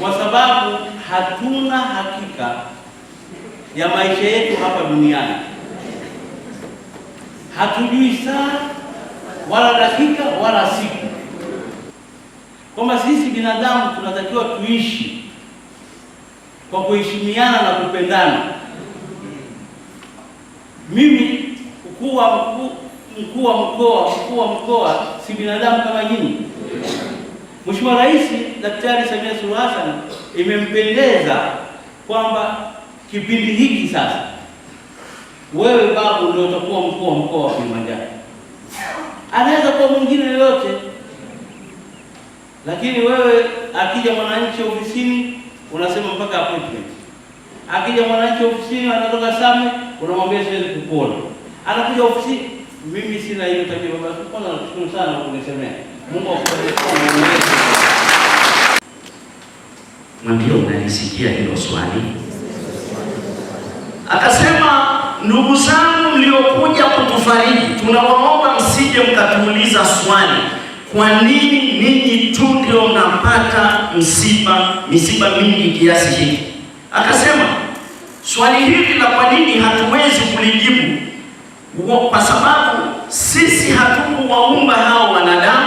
kwa sababu hatuna hakika ya maisha yetu hapa duniani. Hatujui saa wala dakika wala siku, kwamba sisi binadamu tunatakiwa tuishi kwa kuheshimiana na kupendana. Mimi mkuu wa mkuu wa mkoa, mkuu wa mkoa si binadamu kama nyinyi. Mheshimiwa Rais Daktari Samia Suluhu Hassan imempendeza kwamba kipindi hiki sasa wewe babu ndio utakuwa mkuu wa mkoa wa Kilimanjaro. Anaweza kuwa mwingine yoyote, lakini wewe akija mwananchi ofisini unasema mpaka appointment. Akija mwananchi ofisini anatoka Same unamwambia siwezi kukuona, anakuja ofisini, mimi sina hiyo tabia baba. Kwanza nakushukuru sana kunisemea Mungu mwambie hilo swali. Akasema, ndugu zangu mliokuja kutufariji, tunawaomba msije mkatuuliza swali, kwa nini ninyi tu ndio mnapata msiba misiba mingi kiasi hiki? Akasema swali hili la kwa nini hatuwezi kulijibu kwa sababu sisi hatukuwaumba hao wanadamu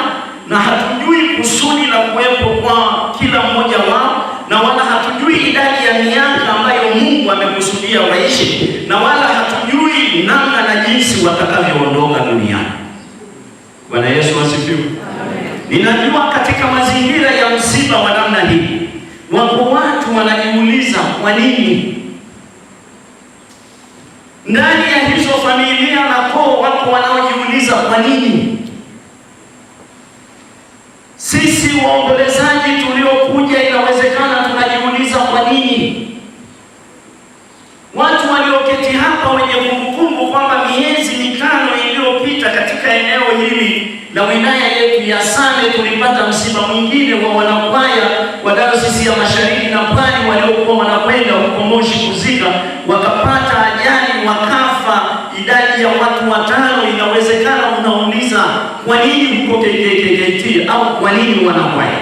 na hatujui kusudi la kuwepo kwa kila mmoja wao, na wala hatujui idadi ya miaka ambayo Mungu amekusudia waishi, na wala hatujui namna na jinsi watakavyoondoka duniani. Bwana Yesu asifiwe. Ninajua katika mazingira ya msiba wa namna hii, wako watu wanajiuliza kwa nini ndani ya hizo familia na koo, wako wanaojiuliza kwa nini sisi waombolezaji tuliokuja, inawezekana tunajiuliza kwa nini watu walioketi hapa wenye kumbukumbu kwamba miezi mitano iliyopita katika eneo hili la wilaya yetu ya Same tulipata msiba mwingine wa wanakwaya wa Dayosisi ya Mashariki na Pwani waliokuwa wanakwenda huko Moshi kuzika, wakapata ajali wakati ya watu watano, inawezekana unauliza kwa nini huko KKKT au kwa nini wanakwaya?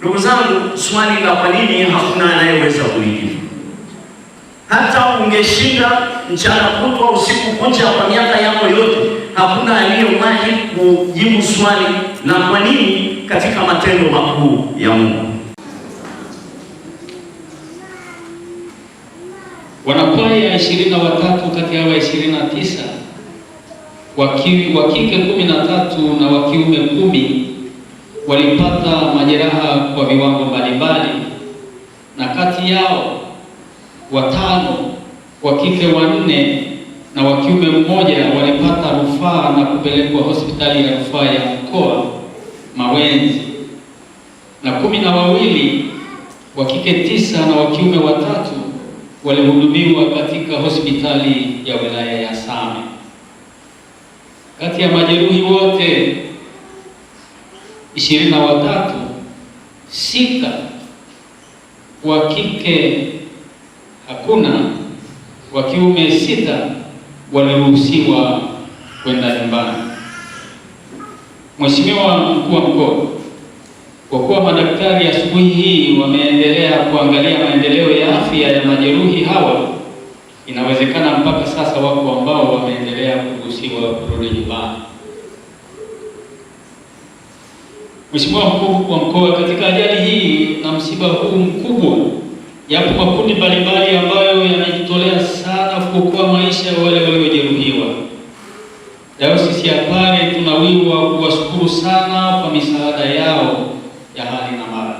Ndugu zangu, swali la kwa nini hakuna anayeweza kuijibu. Hata ungeshinda mchana kutwa usiku kucha kwa miaka yako yote, hakuna aliyewahi kujibu swali la kwa nini katika matendo makuu ya Mungu. Wanakwaya ishirini na watatu kati ya hawa ishirini na tisa wa kike kumi na tatu na wa kiume kumi walipata majeraha kwa viwango mbalimbali, na kati yao watano wa kike wanne na wa kiume mmoja walipata rufaa na kupelekwa hospitali ya rufaa ya mkoa Mawenzi, na kumi na wawili wa kike tisa na wa kiume watatu walihudumiwa katika hospitali ya wilaya ya Same. Kati ya majeruhi wote ishirini na watatu, sita wa kike hakuna, wa kiume sita waliruhusiwa kwenda nyumbani. Mheshimiwa mkuu wa mkoa kwa kuwa madaktari asubuhi hii wameendelea kuangalia maendeleo ya afya ya majeruhi hawa, inawezekana mpaka sasa wako ambao wameendelea kugusiwa kurudi nyumbani. Mheshimiwa Mkuu wa Mkoa, katika ajali hii na msiba huu mkubwa, yapo makundi mbalimbali ambayo yanajitolea sana kuokoa maisha ya wale waliojeruhiwa. Dayosisi ya Pare tunawiwa kuwashukuru sana kwa misaada yao ya hali na mara.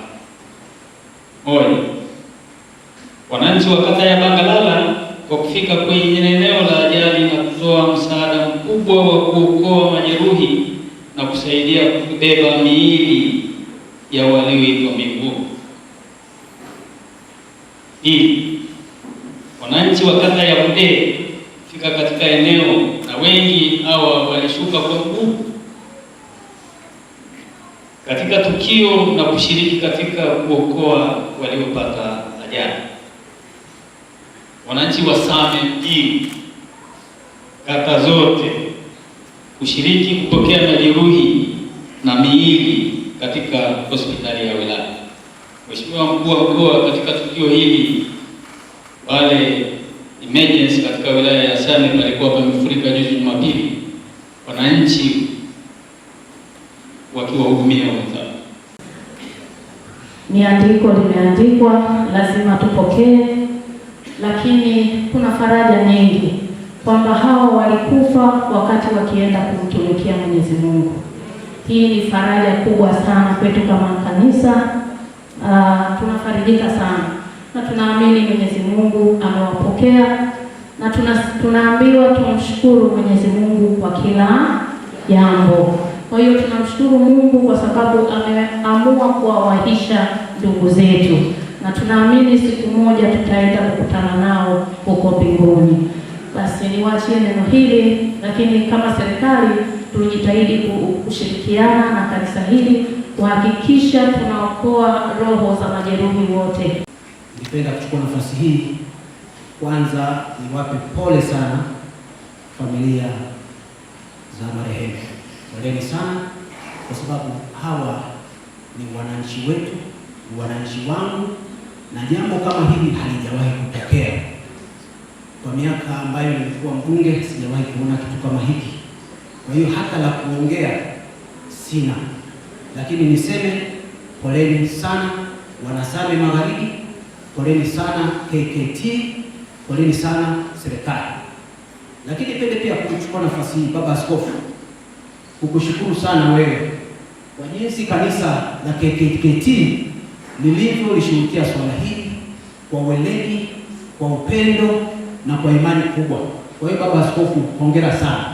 Oi, wananchi wa kata ya Bangalala kwa kufika kwenye eneo la ajali na kutoa msaada mkubwa wa kuokoa majeruhi na kusaidia kubeba miili ya walioitwa miguu. Pili, wananchi wa kata ya Budee fika katika eneo na wengi hawa walishuka kwa nguvu katika tukio na kushiriki katika kuokoa waliopata ajali. Wananchi wa Same mjini, kata zote, kushiriki kupokea majeruhi na miili katika hospitali ya wilaya. Mheshimiwa mkuu wa mkoa, katika tukio hili wale emergency katika wilaya ya Same palikuwa pamefurika juzi Jumapili, wananchi wakiwahudumia wenzao. Ni andiko limeandikwa, lazima tupokee, lakini kuna faraja nyingi kwamba hawa walikufa wakati wakienda kumtumikia Mwenyezi Mungu. Hii ni faraja kubwa sana kwetu kama kanisa. Uh, tunafarijika sana na tunaamini Mwenyezi Mungu amewapokea na tuna, tunaambiwa tumshukuru Mwenyezi Mungu kwa kila jambo. Kwa hiyo tunamshukuru Mungu kwa sababu ameamua kuwawahisha ndugu zetu, na tunaamini siku moja tutaenda kukutana nao huko mbinguni. Basi niwachie neno hili, lakini kama serikali tujitahidi kushirikiana na kanisa hili kuhakikisha tunaokoa roho za majeruhi wote. Nipenda kuchukua nafasi hii kwanza niwape pole sana familia za marehemu poleni sana, kwa sababu hawa ni wananchi wetu, wananchi wangu, na jambo kama hili halijawahi kutokea. Kwa miaka ambayo nilikuwa mbunge sijawahi kuona kitu kama hiki, kwa hiyo hata la kuongea sina, lakini niseme poleni sana Wanasame Magharibi, poleni sana KKT, poleni sana serikali. Lakini pende pia kuchukua nafasi hii, baba askofu kukushukuru sana wewe kwa jinsi kanisa la KKKT lilivyolishughulikia swala hili kwa weledi, kwa upendo na kwa imani kubwa. Kwa hiyo Baba Askofu, hongera sana.